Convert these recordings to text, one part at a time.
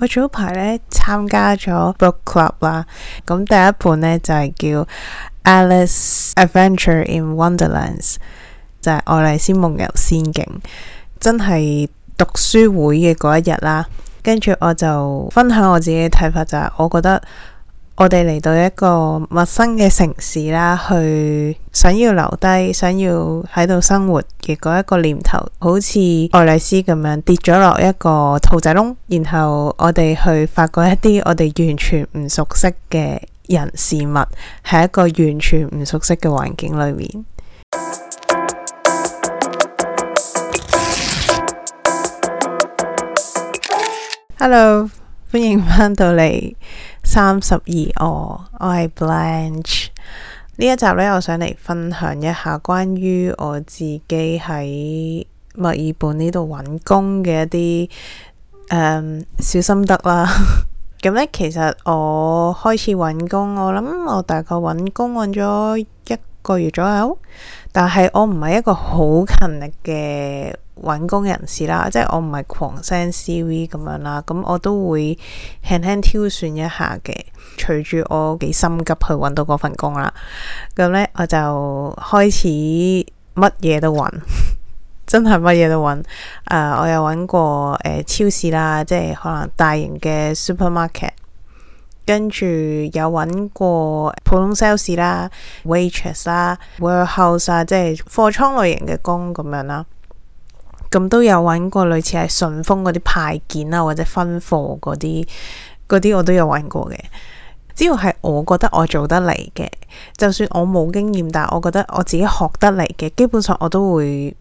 我早排咧參加咗 book club 啦，咁、嗯、第一本咧就係、是、叫《Alice Adventure in Wonderland》，就係愛麗絲夢遊仙境。真係讀書會嘅嗰一日啦，跟住我就分享我自己嘅睇法、就是，就係我覺得。我哋嚟到一個陌生嘅城市啦，去想要留低、想要喺度生活嘅嗰一個念頭，好似愛麗絲咁樣跌咗落一個兔仔窿，然後我哋去發覺一啲我哋完全唔熟悉嘅人事物，喺一個完全唔熟悉嘅環境裏面。Hello，歡迎返到嚟。三十二哦，我係 Blanche，呢一集呢，我想嚟分享一下關於我自己喺墨爾本呢度揾工嘅一啲小心得啦。咁呢，其實我開始揾工，我諗我大概揾工揾咗個月左右，但係我唔係一個好勤力嘅揾工人士啦，即係我唔係狂 send CV 咁樣啦，咁我都會輕輕挑選一下嘅，隨住我幾心急去揾到嗰份工啦。咁呢，我就開始乜嘢都揾，真係乜嘢都揾。誒、呃，我有揾過誒、呃、超市啦，即係可能大型嘅 supermarket。跟住有揾過普通 sales 啦，waitress 啦 ware、warehouse 啊，即係貨倉類型嘅工咁樣啦。咁都有揾過類似係順豐嗰啲派件啊，或者分貨嗰啲，嗰啲我都有揾過嘅。只要係我覺得我做得嚟嘅，就算我冇經驗，但係我覺得我自己學得嚟嘅，基本上我都會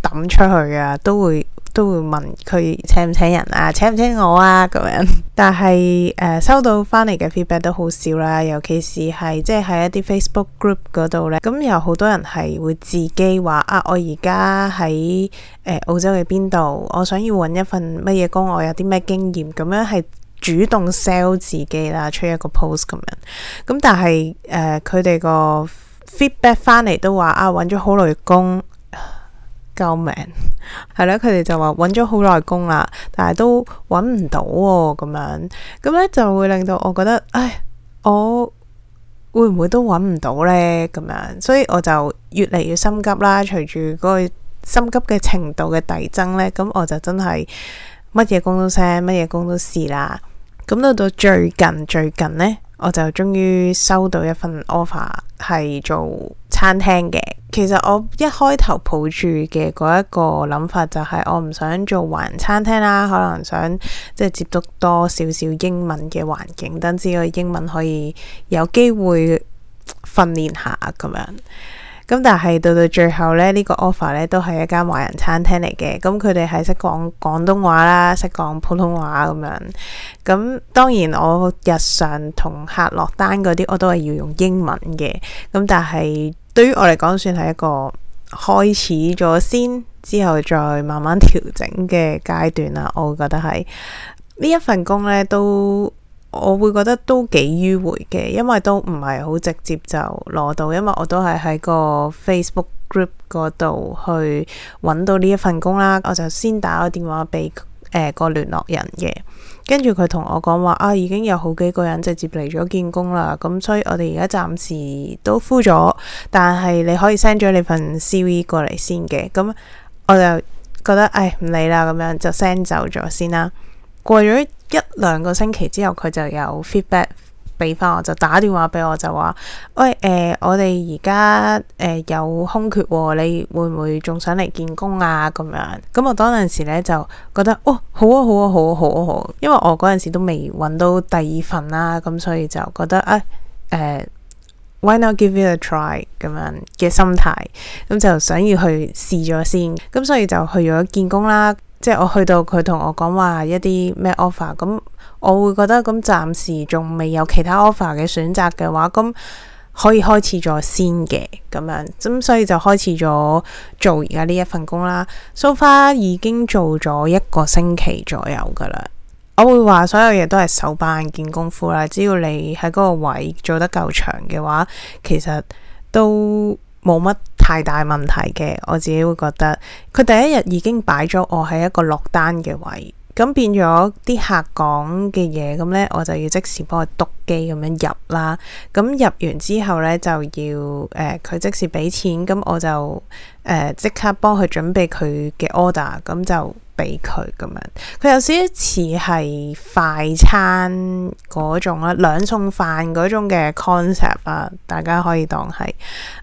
抌出去啊，都會。都會問佢請唔請人啊，請唔請我啊咁樣， 但係誒、呃、收到翻嚟嘅 feedback 都好少啦，尤其是係即係喺一啲 Facebook group 嗰度呢。咁有好多人係會自己話啊，我而家喺澳洲嘅邊度，我想要揾一份乜嘢工，我有啲咩經驗，咁樣係主動 sell 自己啦，出一個 post 咁樣，咁、呃、但係誒佢哋個 feedback 翻嚟都話啊，揾咗好耐工，救命！係啦，佢哋就話揾咗好耐工啦，但係都揾唔到喎，哦，咁樣，咁呢就會令到我覺得，唉，我會唔會都揾唔到呢？咁樣，所以我就越嚟越心急啦。隨住嗰個心急嘅程度嘅遞增呢，咁我就真係乜嘢工都聲，乜嘢工都試啦。咁到到最近最近呢。我就終於收到一份 offer 係做餐廳嘅。其實我一開頭抱住嘅嗰一個諗法就係我唔想做華人餐廳啦，可能想即係接觸多，多少少英文嘅環境，等自己嘅英文可以有機會訓練下咁樣。咁、嗯、但係到到最後咧，這個 er、呢個 offer 咧都係一間華人餐廳嚟嘅，咁佢哋係識講廣東話啦，識講普通話咁樣。咁、嗯、當然我日常同客落單嗰啲，我都係要用英文嘅。咁、嗯、但係對於我嚟講，算係一個開始咗先，之後再慢慢調整嘅階段啦。我覺得係呢一份工咧都。我會覺得都幾迂回嘅，因為都唔係好直接就攞到，因為我都係喺個 Facebook group 嗰度去揾到呢一份工啦。我就先打個電話俾誒、呃、個聯絡人嘅，跟住佢同我講話啊，已經有好幾個人直接嚟咗見工啦，咁所以我哋而家暫時都呼咗，但係你可以 send 咗你份 CV 過嚟先嘅，咁我就覺得唉，唔、哎、理啦，咁樣就 send 走咗先啦，過咗。一兩個星期之後，佢就有 feedback 俾翻我，就打電話俾我就，就話：喂，誒、呃，我哋而家誒有空缺、哦，你會唔會仲想嚟見工啊？咁樣咁我嗰陣時咧就覺得：哦，好啊，好啊，好啊，好啊，好啊，好啊！因為我嗰陣時都未揾到第二份啦，咁所以就覺得啊，誒、uh，why not give it a try 咁樣嘅心態，咁就想要去試咗先，咁所以就去咗見工啦。即係我去到佢同我講話一啲咩 offer，咁我會覺得，咁暫時仲未有其他 offer 嘅選擇嘅話，咁可以開始咗先嘅咁樣，咁所以就開始咗做而家呢一份工啦。So far 已經做咗一個星期左右噶啦，我會話所有嘢都係手板見功夫啦，只要你喺嗰個位做得夠長嘅話，其實都冇乜太大問題嘅，我自己會覺得佢第一日已經擺咗我喺一個落單嘅位，咁變咗啲客講嘅嘢，咁呢我就要即時幫佢督機咁樣入啦。咁入完之後呢，就要誒佢、呃、即時俾錢，咁我就誒即、呃、刻幫佢準備佢嘅 order，咁就俾佢咁樣。佢有少少似係快餐嗰種啦，兩餸飯嗰種嘅 concept 啦。大家可以當係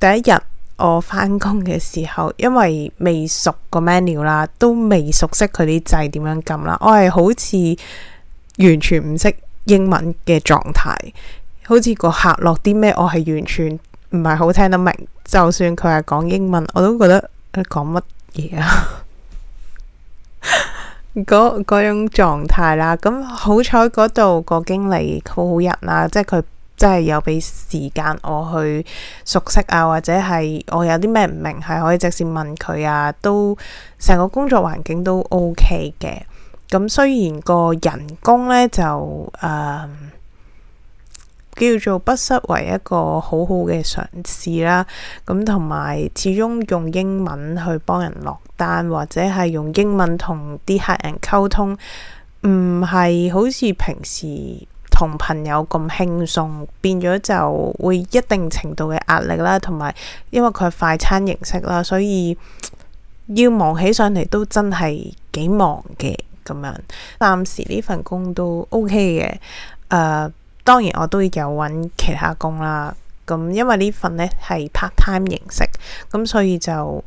第一日。我返工嘅時候，因為未熟個 menu 啦，都未熟悉佢啲掣點樣撳啦，我係好似完全唔識英文嘅狀態，好似個客落啲咩，我係完全唔係好聽得明，就算佢係講英文，我都覺得佢講乜嘢啊，嗰 嗰種狀態啦，咁好彩嗰度個經理好好人啊，即係佢。真係有俾時間我去熟悉啊，或者係我有啲咩唔明，係可以直接問佢啊，都成個工作環境都 O K 嘅。咁、嗯、雖然個人工呢，就誒、呃、叫做不失為一個好好嘅嘗試啦。咁同埋始終用英文去幫人落單，或者係用英文同啲客人溝通，唔係好似平時同朋友咁輕鬆，變咗就會一定程度嘅壓力啦，同埋因為佢係快餐形式啦，所以要忙起上嚟都真係幾忙嘅咁樣。暫時呢份工都 OK 嘅，誒、呃、當然我都有揾其他工啦。咁因為呢份呢係 part time 形式，咁所以就。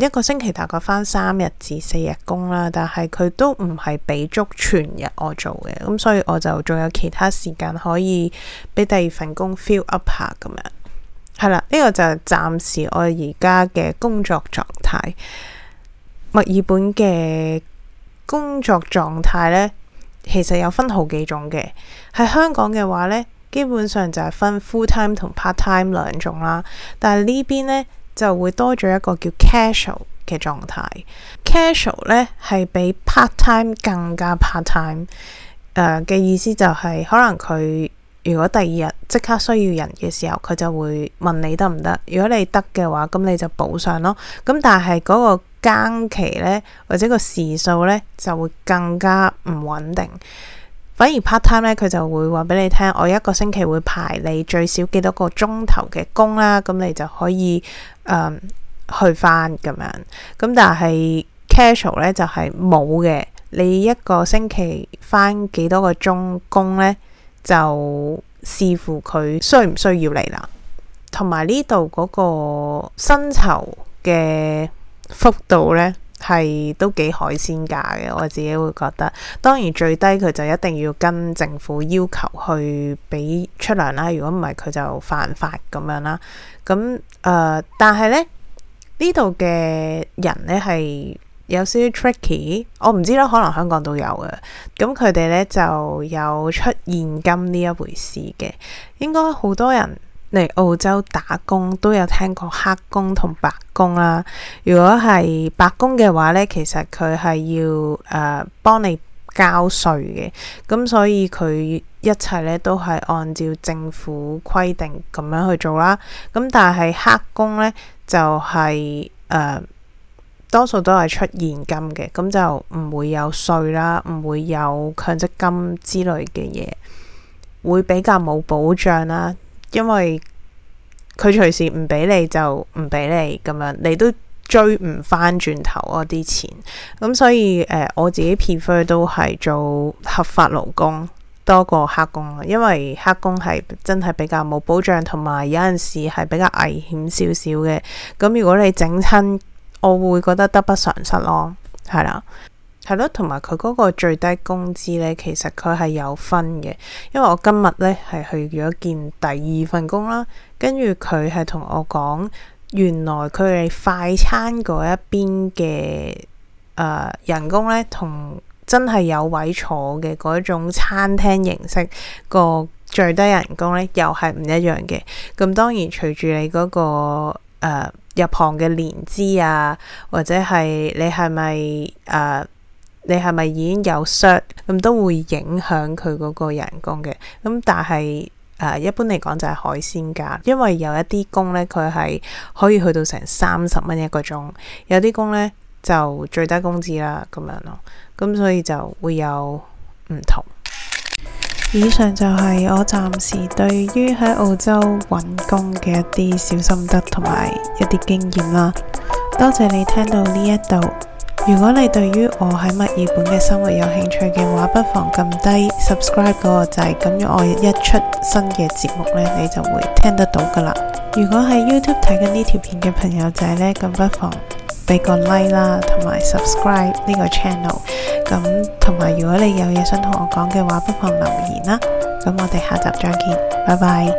一個星期大概返三日至四日工啦，但係佢都唔係俾足全日我做嘅，咁、嗯、所以我就仲有其他時間可以俾第二份工 fill up 下咁樣。係、嗯、啦，呢、呢個就係暫時我而家嘅工作狀態。墨爾本嘅工作狀態呢，其實有分好幾種嘅。喺香港嘅話呢，基本上就係分 full time 同 part time 兩種啦，但係呢邊呢？就會多咗一個叫 casual 嘅狀態。casual 咧係比 part time 更加 part time 誒、呃、嘅意思、就係，就係可能佢如果第二日即刻需要人嘅時候，佢就會問你得唔得？如果你得嘅話，咁你就補上咯。咁但係嗰個更期咧，或者個時數咧，就會更加唔穩定。反而 part time 咧，佢就會話俾你聽，我一個星期會排你最少幾多個鐘頭嘅工啦，咁你就可以、呃、去翻咁樣。咁但係 casual 咧就係冇嘅，你一個星期翻幾多個鐘工咧，就視乎佢需唔需要你啦。同埋呢度嗰個薪酬嘅幅度咧。係都幾海鮮價嘅，我自己會覺得。當然最低佢就一定要跟政府要求去俾出糧啦，如果唔係佢就犯法咁樣啦。咁誒、呃，但係呢呢度嘅人呢，係有少少 tricky，我唔知啦，可能香港都有嘅。咁佢哋呢就有出現金呢一回事嘅，應該好多人。嚟澳洲打工都有聽過黑工同白工啦。如果係白工嘅話呢，其實佢係要誒幫、呃、你交稅嘅，咁所以佢一切呢都係按照政府規定咁樣去做啦。咁但係黑工呢，就係、是、誒、呃、多數都係出現金嘅，咁就唔會有稅啦，唔會有強積金之類嘅嘢，會比較冇保障啦。因為佢隨時唔俾你就唔俾你咁樣，你都追唔翻轉頭嗰啲錢。咁所以誒、呃，我自己 prefer 都係做合法勞工多過黑工，因為黑工係真係比較冇保障，同埋有陣時係比較危險少少嘅。咁如果你整親，我會覺得得不償失咯，係啦。係咯，同埋佢嗰個最低工資呢，其實佢係有分嘅。因為我今日呢，係去咗見第二份工啦，跟住佢係同我講，原來佢哋快餐嗰一邊嘅誒人工呢，同真係有位坐嘅嗰種餐廳形式，個最低人工呢，又係唔一樣嘅。咁當然隨住你嗰、個、呃、入行嘅年資啊，或者係你係咪誒？呃你係咪已經有 shirt，咁都會影響佢嗰個人工嘅，咁但係誒、呃、一般嚟講就係海鮮價，因為有一啲工呢，佢係可以去到成三十蚊一個鐘，有啲工呢，就最低工資啦咁樣咯，咁所以就會有唔同。以上就係我暫時對於喺澳洲揾工嘅一啲小心得同埋一啲經驗啦，多謝你聽到呢一度。如果你對於我喺墨爾本嘅生活有興趣嘅話，不妨撳低 subscribe 嗰個掣。咁樣我一出新嘅節目呢，你就會聽得到噶啦。如果喺 YouTube 睇緊呢條片嘅朋友仔呢，咁不妨俾個 like 啦，同埋 subscribe 呢個 channel。咁同埋如果你有嘢想同我講嘅話，不妨留言啦。咁我哋下集再見，拜拜。